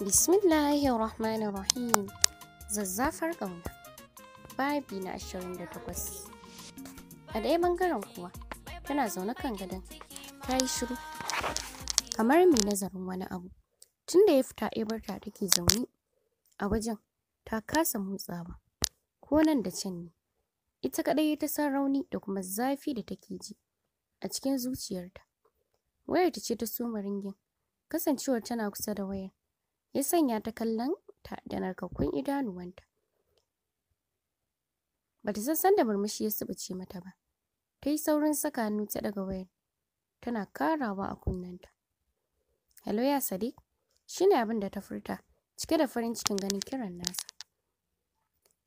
Bismillahirrahmanirrahim. Zazzafar ƙauna. Babi na ashirin da takwas. A ɗaya bangaren kuwa, tana zaune kan gadon, ta yi shiru. Kamar mai nazarin wani abu. Tun da ya fita ya ta take zaune a wajen, ta kasa motsawa. Ko nan da can ne. Ita kaɗai ta san rauni da kuma zafi da take ji a cikin zuciyarta. Wayarta ce ta soma ringin, kasancewar tana kusa da wayar. ya sanya ta kallon ta da narkakkun idanuwanta bata san sanda murmushi ya subuce mata ba ta yi saurin saka hannu ta daga wayar tana karawa a kunnenta hello ya sadiq shine abin da ta furta cike da farin cikin ganin kiran nasa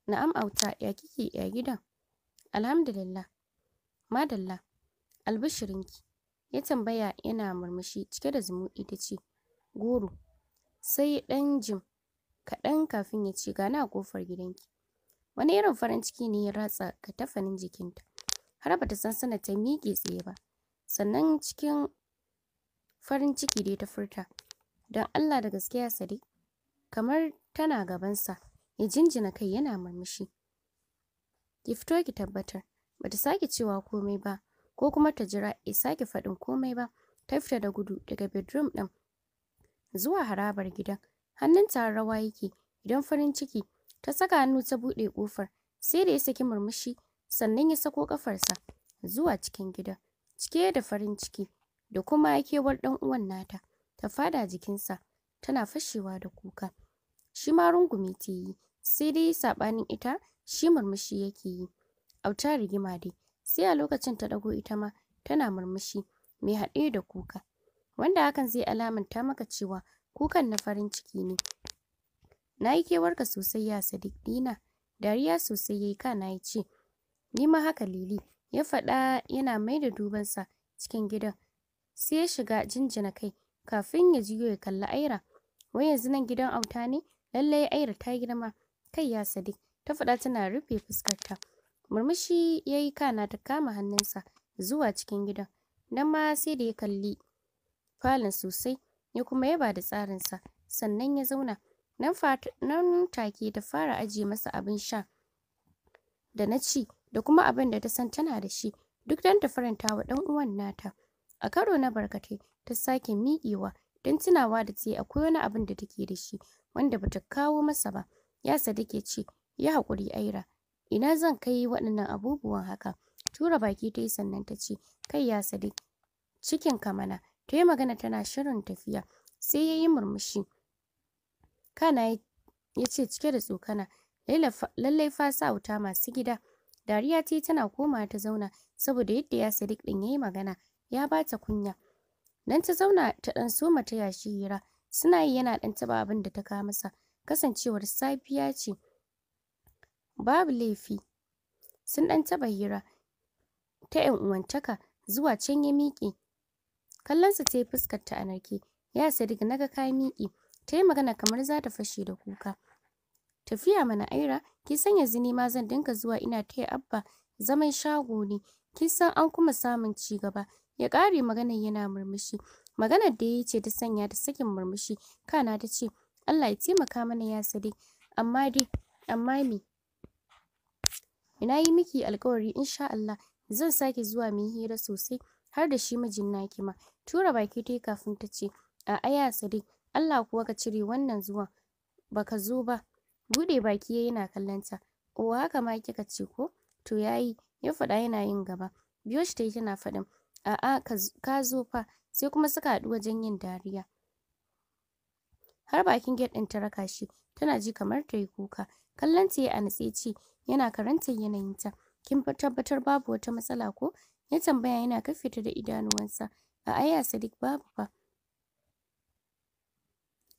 na'am auta ya kike ya gidan alhamdulillah madalla albishirinki ya tambaya yana murmushi cike da zumuɗi ta ce goro sai ɗan jim kaɗan kafin ya ce gani a ƙofar gidanki wani irin farin ciki ne ya ratsa ga tafanin jikinta har bata san sana ta miƙe tsaye ba sannan cikin farin ciki dai ta furta don Allah da gaskiya sadiq kamar tana gabansa ya jinjina kai yana murmushi ki fito ki tabbatar bata sake cewa komai ba ko kuma ta jira ya sake faɗin komai ba ta fita da gudu daga bedroom ɗin zuwa harabar gidan Hannun har rawa yake idan farin ciki ta saka hannu ta buɗe ƙofar sai da ya saki murmushi sannan ya sako ƙafarsa zuwa cikin gidan cike da farin ciki da kuma kewar ɗan uwan nata ta fada jikinsa tana fashewa da kuka shi ma rungumi ta yi sai dai saɓanin ita shi murmushi yake yi auta rigima dai sai a lokacin ta ɗago ita ma tana murmushi mai haɗe da kuka wanda hakan zai alamanta maka cewa kukan na farin ciki ne na yi kewarka sosai ya sadiq dina dariya sosai yayi kana ya ce ni ma haka lili ya faɗa yana mai da dubansa cikin gidan sai ya shiga jinjina kai kafin ya jiyo ya kalli aira wai yanzu nan gidan auta ne lallai aira ta girma kai ya sadiq ta faɗa tana rufe fuskarta murmushi ya yi kana ta kama hannunsa zuwa cikin gidan nan ma sai da ya kalli falon sosai ya kuma yaba da tsarinsa sannan ya zauna nan take ta fara ajiye masa abin sha da na ci da kuma abin da ta san tana da shi duk don ta faranta wa ɗan uwan nata a karo na barkatai ta sake miƙewa don tunawa da ce akwai wani abin da take da shi wanda bata kawo masa ba ya sadake ce ya haƙuri aira ina zan kai waɗannan abubuwan haka tura baki ta yi sannan ta ce kai ya sadiq cikin ka mana ta yi magana tana shirin tafiya sai ya yi murmushi kana ya ce cike da tsokana lallai fa sa wuta masu gida dariya ta tana koma ta zauna saboda yadda ya sadiq din yi magana ya bata kunya nan ta zauna ta dan soma ta yashi hira suna yi yana dan taba abin da ta kawo masa kasancewar safiya ce babu laifi sun dan taba hira ta yan uwantaka zuwa can ya miƙe kallonsa ta yi fuskar ta anarki ya ya sadiq naga ka miƙi ta yi magana kamar za ta fashe da kuka tafiya mana aira ki san yanzu ni ma zan dinga zuwa ina taya abba zaman shago ne kin san an kuma samun ci gaba ya ƙare magana yana murmushi magana da ya yi ce ta sanya ta sakin murmushi kana ta ce Allah ya taimaka mana ya sadi amma dai amma me ina yi miki alkawari insha Allah zan sake zuwa mu hira sosai har da shi mijin naki ma tura baki tayi kafin ta ce a'a ya sadiq Allah kuwa ka cire wannan zuwan baka zo ba bude baki yayi yana kallon o haka ma kika ce ko to yayi ya faɗa yana yin gaba biyo shi tayi tana faɗin a'a ka zo fa sai kuma suka haɗu wajen yin dariya har bakin gate ɗin ta raka shi tana ji kamar tayi kuka kallon ta a natse ce yana karantar ta kin tabbatar babu wata matsala ko ya tambaya yana fita da idanuwansa a'a ya Sadiq babu fa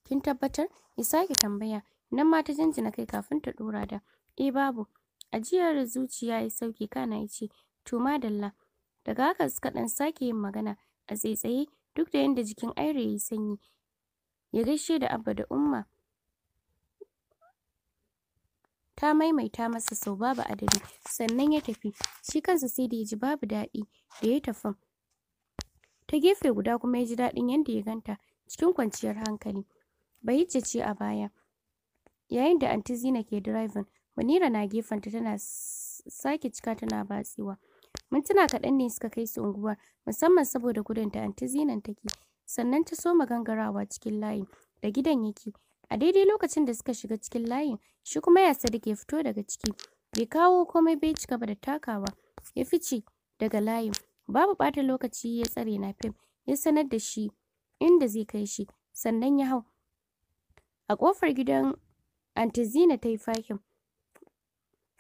kin tabbatar ya sake tambaya nan ma ta jinjina kai kafin ta dora da eh babu ajiyar zuciya ya sauke kana yace Tuma to madalla daga haka suka dan sake yin magana a tsaitsaye duk da yanda jikin Aire ya yi sanyi ya gaishe da Abba da Umma ta maimaita masa sau babu adadi sannan ya tafi shi kansa sai da ya ji babu daɗi da ya tafi ta gefe guda kuma ya ji daɗin yadda ya ganta cikin kwanciyar hankali yi ce a baya yayin da anti Zina ke driving Munira na gefen ta tana sake cika tana batsewa mintuna kaɗan ne suka kai su unguwa musamman saboda gudun da anti Zinan take sannan ta soma gangarawa cikin layi. da gidan yake a daidai lokacin da suka shiga cikin layin shi kuma ya sadiq ke fito daga ciki bai kawo komai bai cika ba da takawa ya fice daga layin babu ɓata lokaci ya tsare na fim ya sanar da shi inda zai kai shi sannan ya hau a kofar gidan antizina ta yi fakin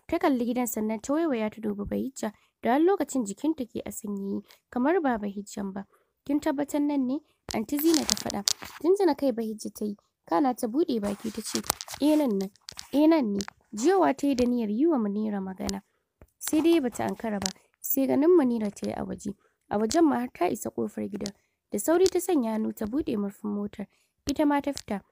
ta kalli gidan sannan ta waiwaya ta dubi hijja da wani lokacin jikinta ke a sanyi kamar ba bahijjan ba kin tabbatar nan ne antizina ta faɗa tunzina kai bahijja ta yi kana ta buɗe baki ta ce eh nan nan eh nan ne jiyowa ta yi da niyyar yi wa munira magana sai dai bata ankara ba sai ganin munira ta yi a waje a wajen ma har ta isa kofar gida da sauri ta sanya hannu ta buɗe murfin motar ita ma ta fita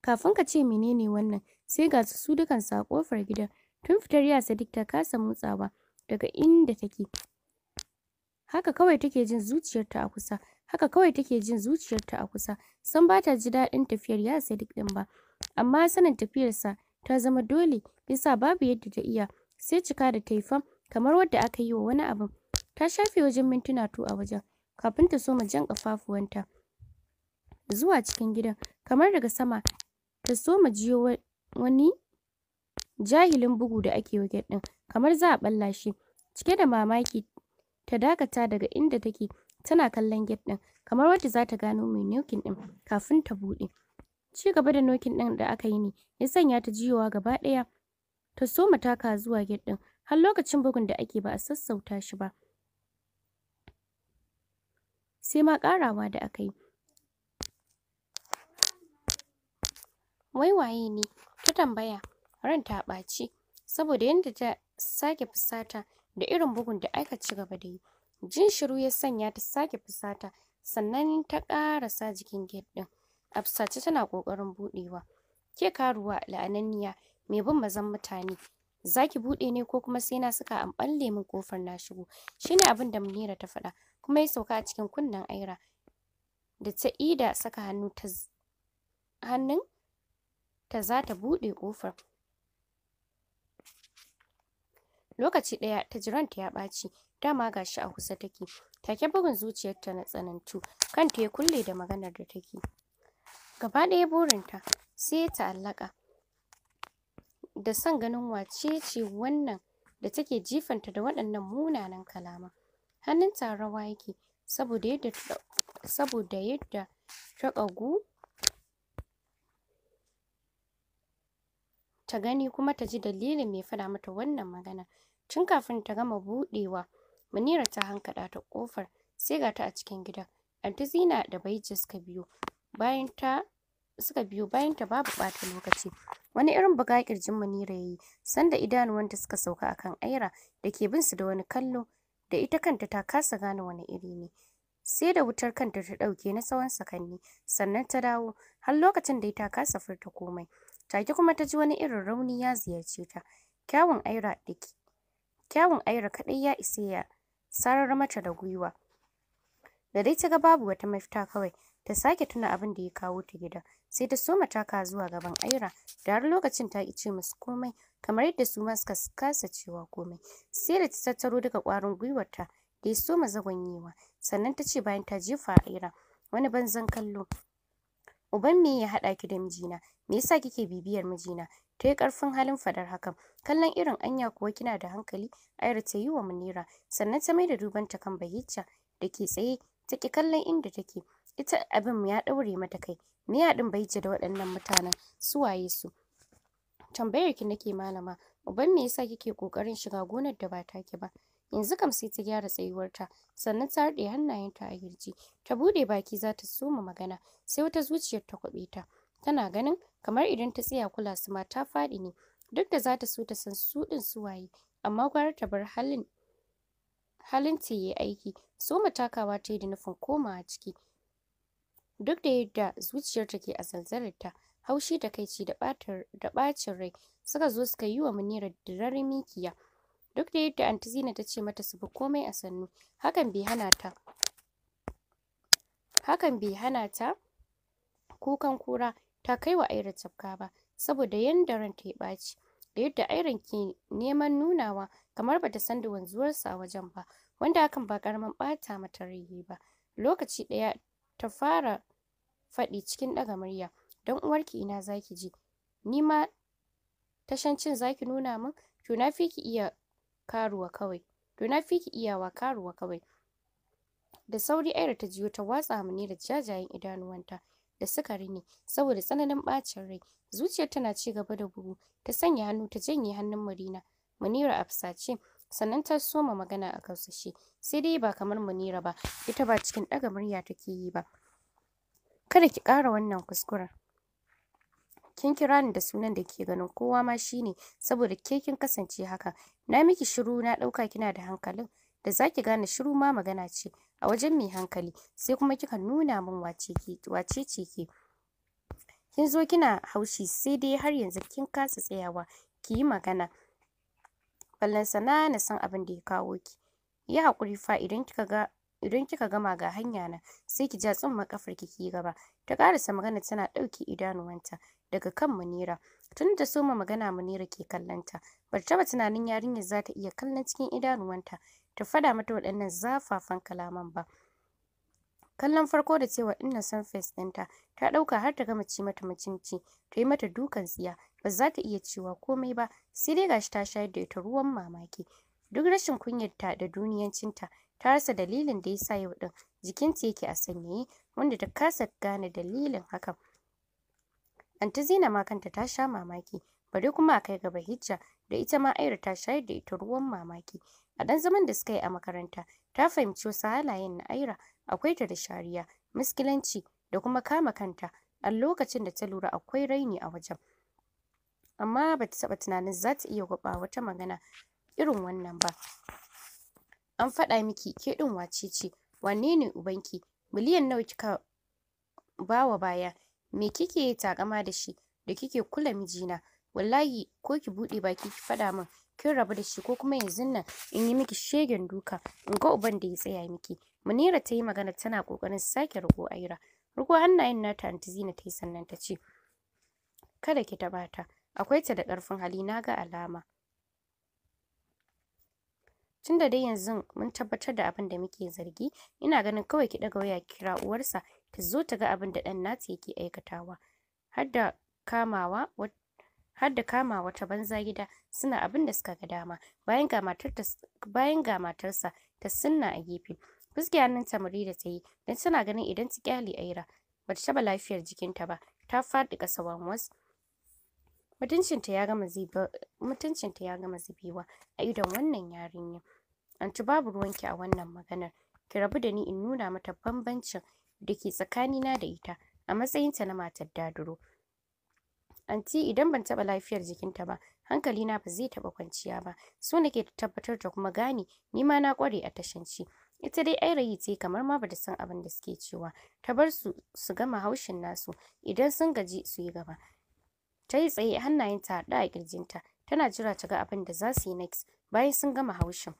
kafin ka ce menene wannan sai ga su dukansu a kofar gida tun fitar ya sadik ta kasa motsawa daga inda take haka kawai take jin zuciyarta a kusa haka kawai take jin zuciyarta a kusa san ba ta ji daɗin tafiyar ya Sadiq ɗin ba amma sanin tafiyarsa ta zama dole yasa babu yadda ta iya sai cika da taifan kamar wadda aka yi wa wani abu ta shafe wajen mintuna tu a wajen kafin ta soma jan kafafuwanta zuwa cikin gidan kamar daga sama ta soma jiyo wani jahilin bugu da ake wa ɗin kamar za a ɓalla shi cike da mamaki ta dakata daga inda take tana kallon gate ɗin kamar wadda za ta gano mai nokin ɗin kafin ta buɗe ci gaba da nokin ɗin da aka yi ne ya sanya ta jiyowa gaba ɗaya ta so soma taka zuwa gate ɗin har lokacin bugun da ake ba a sassauta shi ba sai ma ƙarawa da aka yi wai waye ne ta tambaya ran ta ɓaci saboda yadda ta sake fusata da irin bugun da aka ci gaba da yi Jin shiru ya sanya ta sake fusata, sannan ta ƙarasa jikin gate ɗin. Afsace tana ƙoƙarin buɗewa. Ke karuwa la'ananniya mai bin mazan mutane. zaki bude buɗe ne ko kuma sai na saka an ɓalle min kofar na shigo. shine abin da Munira ta faɗa, kuma ya sauka a cikin kunnen Aira. Da ta ida saka hannu ta hannun ta za ta buɗe ƙofar. lokaci ɗaya ta jiranta ya ɓaci dama gashi a kusa take take bugun zuciyarta na tsanantu kanta ya kulle da maganar da take gaba ɗaya burinta sai ta ta'allaka da san ganin wace ce wannan da take jifanta da waɗannan munanan kalama ta rawa yake saboda yadda saboda yadda ta kagu ta gani kuma ta ji dalilin mai faɗa mata wannan magana Tun kafin ta gama buɗewa, Munira ta hankaɗa ta ƙofar sai ga ta a cikin gidan. Anti Zina da Baija suka biyo bayan ta suka biyo bayan ta babu ɓata lokaci. Wani irin buga kirjin Munira yayi sanda ta suka sauka akan Aira da ke bin su da wani kallo da ita kanta ta kasa gane wani iri ne. Sai da wutar kanta ta ɗauke na tsawon sakanni sannan ta dawo har lokacin da ita kasa furta komai. Take kuma ta ji wani irin rauni ya ziyarce ta. Kyawun Aira da Kyawun Aira kaɗai ya isa ya sarar mata da gwiwa. Da dai ta ga babu wata mafita kawai, ta sake tuna abin da ya kawo ta gida. Sai ta soma taka zuwa gaban Aira, da har lokacin ta ƙi ce musu komai, kamar yadda su ma suka kasa cewa komai. Sai da ta tattaro daga ƙwarin gwiwarta da ya soma zagwanyewa, sannan ta ce bayan ta jefa Aira wani banzan kallo. Uban me ya haɗa ki da mijina? Me yasa kike bibiyar mijina? ta yi ƙarfin halin fadar hakan kallon irin anya kuwa kina da hankali aira ta yi wa munira sannan ta mai da dubanta kan bahijja da ke tsaye ta ki kallon inda take ita abin ya ɗaure mata kai me ya ɗin da waɗannan mutanen su waye su tambayar ki nake malama uban me yasa kike kokarin shiga gonar da ba take ba yanzu kam sai ta gyara tsayuwarta sannan ta haɗe hannayenta a girji ta buɗe baki za ta soma magana sai wata zuciyar ta kwaɓe ta tana ganin kamar idan ta tsaya kula su ma ta faɗi ne duk da za ta so ta san su ɗin su waye amma gwara ta bar halin halin ta yi aiki so matakawa ta yi da nufin komawa ciki duk da yadda zuciyarta ke a zanzararta haushi da kaici da ɓacin rai suka zo suka yi wa munira dirar mikiya duk da yadda anti zina ta ce mata su bi komai a sannu hakan bai hana ta hakan bai hana ta kukan kura ta kai wa Aira tafka ba saboda yanda ta yi ɓaci da yadda Airan ke neman nunawa kamar bata san da wanzuwarsa a wajen ba wanda hakan ba karamin ɓata mata rai ba lokaci ɗaya ta fara faɗi cikin ɗaga murya don uwarki ina zaki je ni ma tashancin zaki nuna min to na fi ki iya karuwa kawai to na fi ki iyawa karuwa kawai da sauri Aira ta jiyo ta watsa mu ne da jajayen idanuwanta da suka ne. saboda tsananin bacin rai zuciyar tana ci gaba da bugu ta sanya hannu ta janye hannun murina Munira a fusace sannan ta soma magana a kausashe sai dai ba kamar Munira ba ita ba cikin ɗaga murya take yi ba kada ki kara wannan kuskuren kin kira ni da sunan da ke ganin kowa ma shine saboda ke kin kasance haka na miki shiru na ɗauka kina da hankalin da zaki gane shiru ma magana ce a wajen mai hankali sai kuma kika nuna min wace ce ke kin zo kina haushi sai dai har yanzu kin kasa tsayawa ki yi magana ballan sana na san abin da ya kawo ki yi hakuri fa idan kika ga idan kika gama ga hanya na sai ki ja tsin makafar ki ki gaba ta karasa magana tana ɗauke idanuwanta daga kan munira tun da soma magana munira ke kallanta bar taba tunanin yarinyar za ta iya kallon cikin idanuwanta ta fada mata waɗannan zafafan kalaman ba kallon farko da cewa inna san face ɗinta ta ɗauka har ta gama ci mata mutunci ta yi mata dukan tsiya ba za ta iya cewa komai ba sai dai gashi ta shayar da ita ruwan mamaki duk rashin kunyarta da duniyancinta ta rasa dalilin da ya sa yau ɗin jikinta yake a sanyaye wanda ta kasa gane dalilin hakan anti zina ma kanta ta sha mamaki bari kuma a kai gaba hijja da ita ma aira ta shayar da ita ruwan mamaki A ɗan zaman da suka yi a makaranta, ta fahimci wasu halayen na Aira akwai ta da shariya, muskilanci da kuma kama kanta a lokacin da ta lura akwai raini a wajen. Amma ba ta taɓa tunanin za ta iya gwaɓa wata magana irin wannan ba. An faɗa miki ke ɗin wace ce, wanne ne ubanki, miliyan nawa kika ba wa baya, me kike takama da shi da kike kula mijina, wallahi ko ki buɗe baki ki faɗa min kin rabu da shi ko kuma yanzu nan in yi miki shegen duka in ga uban da ya tsaya miki munira ta yi magana tana kokarin sake riko aira riko hannayen nata anti zina ta yi sannan ta ce kada ki taba ta akwai ta da karfin hali na ga alama tun da dai yanzu mun tabbatar da abin da muke zargi ina ganin kawai ki daga waya kira uwarsa ta zo ta ga abin da dan nata yake aikatawa har da kamawa har da kama wata banza gida suna abin da suka ga dama bayan ga matar bayan ga matarsa ta sunna a gefe fuske hannun tamari da ta yi don tana ganin idan ta kyale aira ba ta taba lafiyar jikinta ba ta faɗi ƙasa wasu mutuncinta ya gama mutuncin ta ya gama zubewa a idon wannan yarinya anti babu ruwanki a wannan maganar ki rabu da ni in nuna mata bambancin da ke tsakanina da ita a matsayinta na matar daduro anti idan ban taɓa lafiyar jikinta ba hankali na ba zai taɓa kwanciya ba so nake tabbatar da kuma gane ni ma na kware a tashanci ita dai airayi ce kamar ma da san abin da suke cewa ta bar su su gama haushin nasu idan sun gaji su yi gaba ta yi tsaye hannayenta da a ƙirjinta tana jira ta ga abin da za su yi next bayan sun gama haushin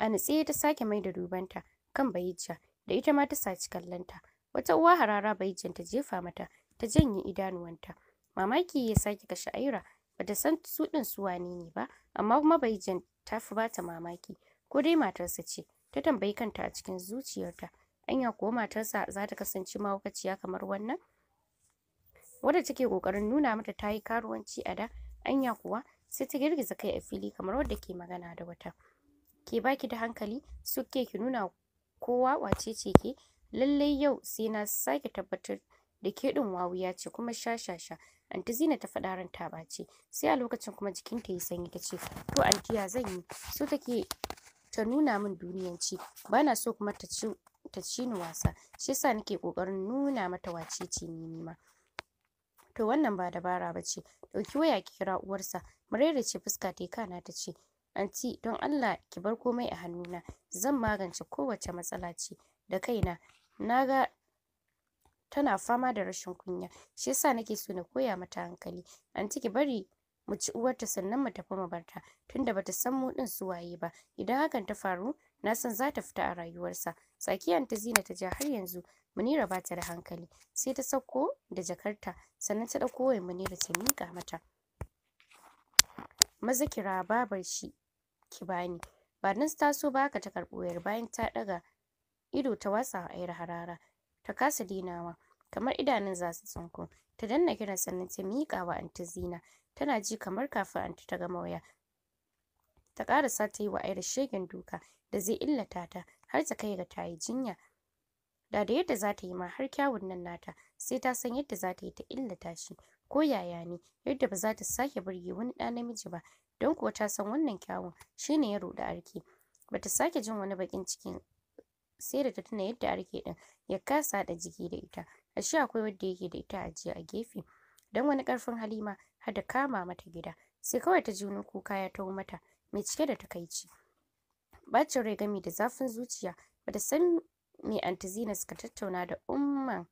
a nutse ta sake mai da dubanta kan bayijja da ita ma ta saci kallonta wata uwa harara bayijjan ta jefa mata ta janye idanuwanta mamaki ya sake kashe aira bata san su din su wane ne ba amma kuma bai jin tafi bata mamaki ko dai matarsa ce ta tambayi kanta a cikin zuciyarta anya kuwa matarsa za ta kasance mahaukaciya kamar wannan wadda take kokarin nuna mata ta yi karuwanci a da anya kuwa sai ta girgiza kai a fili kamar wadda ke magana da wata ke baki da hankali suke ki nuna kowa wace ce ke lallai yau sai na sake tabbatar da ke din ya ce kuma shashasha anti zina ta faɗa ranta ba ce sai a lokacin kuma jikin ta yi sanyi ta ce to anti ya zan yi so take ta nuna min duniyanci na so kuma ta ci ta ci ni wasa shi yasa nake kokarin nuna mata wacece ni nima to wannan ba dabara ba ce ɗauki waya ki kira uwarsa murere ce fuska ta kana ta ce anti don Allah ki bar komai a hannuna zan magance kowace matsala ce da kaina na ga tana fama da rashin kunya shi yasa nake so na koya mata hankali anti ki bari mu ci uwarta sannan mu tafi mu barta tunda bata san mu din su waye ba idan hakan ta faru na san za ta fita a rayuwarsa tsakiyar ta zina ta ja har yanzu munira ba ta da hankali sai ta sauko da jakarta sannan ta dauko wai munira ta miƙa mata maza kira babar shi ki bani ba nan ta so ba ka ta karɓo bayan ta ɗaga ido ta watsa a harara ta kasa dinawa kamar idanun za su tsinko ta danna kiran sannan ta miƙa wa anti zina tana ji kamar kafin anti ta gama waya ta ƙarasa ta yi wa aira shegen duka da zai illata ta har ta kai ga ta yi jinya da da yadda za ta yi ma har kyawun nan nata sai ta san yadda za ta yi ta illata shi ko yaya ne yadda ba za ta sake burge wani ɗa namiji ba don kuwa ta san wannan kyawun shi ne ya ruɗe arki ta sake jin wani baƙin cikin sai da ta tuna yadda arke ɗin ya kasa haɗa jiki da ita a shi akwai wanda yake da ita a jiya a gefe don wani karfin halima har da kama mata gida sai kawai ta juno kuka ya taho mata mai cike da takaici bacin rai gami da zafin zuciya bata san me antizina suka tattauna da umman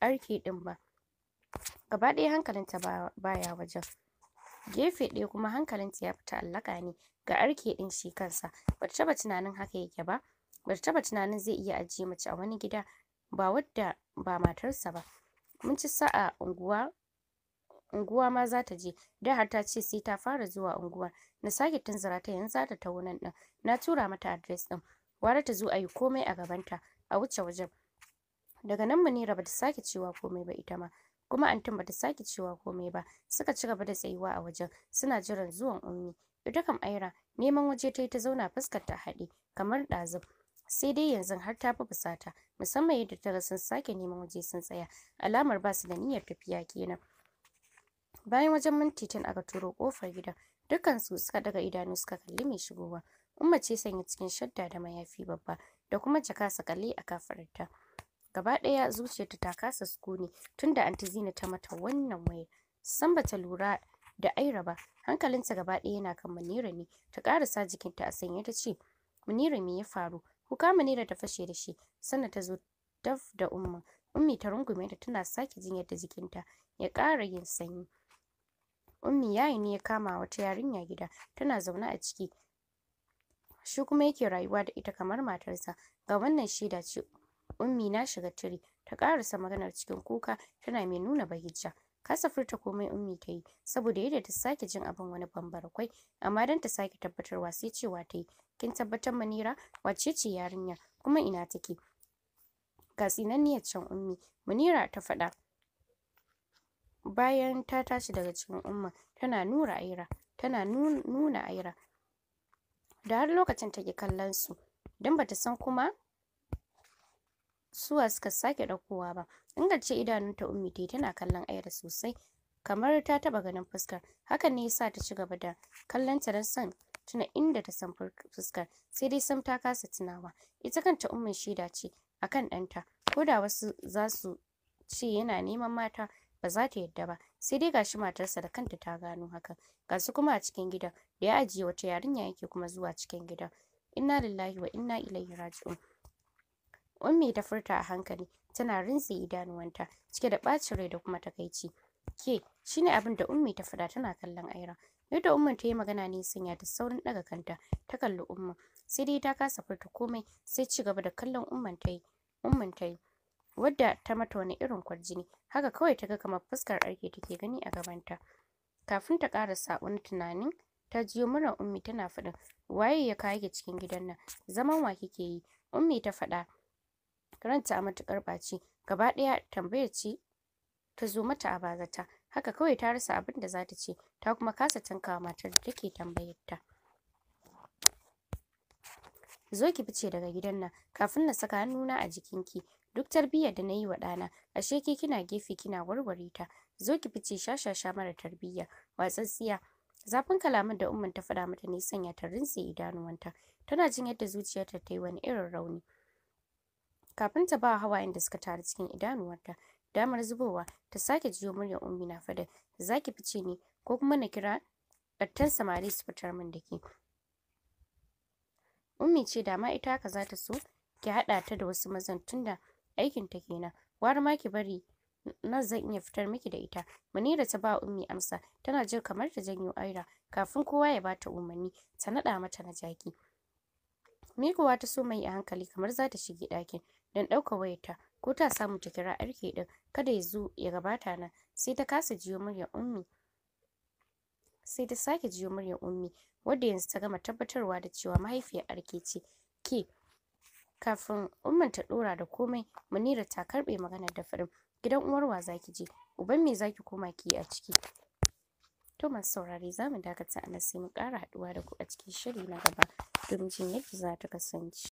arke ɗin ba gaba ɗaya hankalinta baya wajen gefe ɗaya kuma hankalinta ya fita allaka ne ga arke ɗin shi kansa bata taɓa tunanin haka yake ba bata taba tunanin zai iya ajiye mace a wani gida ba wadda ba matarsa ba mun ci sa'a unguwa unguwa ma za ta je da har ta ce sai ta fara zuwa unguwa na sake tunzura ta yanzu za ta taho nan din na tura mata adres din ware ta zo a yi komai a gabanta a wuce wajen daga nan mu munira ta sake cewa komai ba ita ma kuma antin ta sake cewa komai ba suka ci gaba da tsayuwa a wajen suna jiran zuwan ummi ita kam aira neman waje ta yi ta zauna fuskar ta haɗe kamar ɗazun sai dai yanzu har ta fi fusata musamman yadda ta sun sake neman waje sun tsaya alamar ba su da niyyar tafiya kenan bayan wajen minti tun aka turo kofar gidan dukansu suka daga idanu suka kalli mai shigowa umma ce sanya cikin shadda da mayafi babba da kuma jaka sakalle a kafarta gaba ɗaya zuciyarta ta kasa sukuni tunda anti zina ta mata wannan wayar san bata lura da aira ba hankalinta gaba ɗaya yana kan manira ne ta karasa jikinta a sanye ta ce manira me ya faru ku kama naira ta fashe da shi sannan ta zo daf da umma ummi ta rungume ta tana sake jin yadda jikinta ya kara yin sanyi ummi yayi ne ya kama wata yarinya gida tana zaune a ciki shi kuma yake rayuwa da ita kamar matarsa ga wannan shaida ce ummi na shiga tiri ta karasa maganar cikin kuka tana mai nuna bahijja kasa furta komai ummi ta yi saboda yadda ta sake jin abin wani bambara kwai amma don ta sake tabbatarwa sai cewa ta yi kin tabbatar manira Wace ce yarinya kuma ina take ga tsinanniyar can ummi manira ta faɗa bayan ta tashi daga cikin umma tana nura aira tana nuna aira da har lokacin take kallon su don bata san kuma suwa suka sake ɗaukowa ba ingance idanunta ummi tai tana kallon aira sosai kamar ta taɓa ganin fuskar hakan ne yasa ta ci gaba da kallon ta don san. tuna inda ta san fuskar sai dai sam ta kasa tunawa ita kanta ummin shida ce akan ɗanta ko da wasu za su ce yana neman mata ba za ta yadda ba sai dai gashi matarsa da kanta ta gano hakan ga su kuma a cikin gidan da ya ajiye wata yarinya yake kuma zuwa cikin gidan inna lillahi wa inna ilaihi raji'un ummi ta furta a hankali tana rintse idanuwanta cike da ɓacin rai da kuma takaici ke shine abin da ummi ta fada tana kallon aira yadda umman ta yi magana ne sanya ta saurin daga kanta ta kalli umman sai dai ta kasa furta komai sai ci gaba da kallon umman ta yi umman ta yi wadda ta mata wani irin kwarjini haka kawai ta ga kamar fuskar arke take gani a gabanta kafin ta karasa wani tunanin ta jiyo murar ummi tana faɗin waye ya kawo ki cikin gidan nan zaman wa kike yi ummi ta faɗa ranta a matuƙar ɓaci gaba ɗaya tambayar ce ta zo mata a bazata haka kawai ta rasa abin da za ta ce ta kuma kasa tankawa matar da take tambayar ta zo ki fice daga gidan nan kafin na saka hannuna a jikin ki duk tarbiyyar da na yi wa ɗana ashe ke kina gefe kina warware ta zo ki fice shashasha mara tarbiyya watsatsiya zafin kalaman da umman ta faɗa mata ne sanya ta rinse idanuwanta tana jin yadda zuciyarta ta yi wani irin rauni kafin ta ba hawayen da suka taru cikin idanuwarta damar zubowa ta sake jiyo muryar ummi na za ki fice ne ko kuma na kira ɗattan samari su fitar min da ke ummi ce dama ita haka za ta so ki haɗa ta da wasu mazan tunda aikin ta kenan gwara ma ki bari na zan iya fitar miki da ita munira ta ba ummi amsa tana jin kamar ta janyo aira kafin kowa ya bata umarni ta naɗa mata na jaki kowa ta so mai a hankali kamar za ta shige ɗakin don ɗaukar wayarta ko ta samu ta kira arke ɗin kada ya zo ya gabata na sai ta kasa jiyo murya ummi sai ta sake jiyo muryar ummi wadda yanzu ta gama tabbatarwa da cewa mahaifiyar arke ce ke kafin umman ta dora da komai munira ta karbe maganar da farin gidan uwar wa zaki je uban me zaki koma ki a ciki to masu saurare za mu dakata a sai mu kara haɗuwa da ku a cikin shiri na gaba domin jin yadda za ta kasance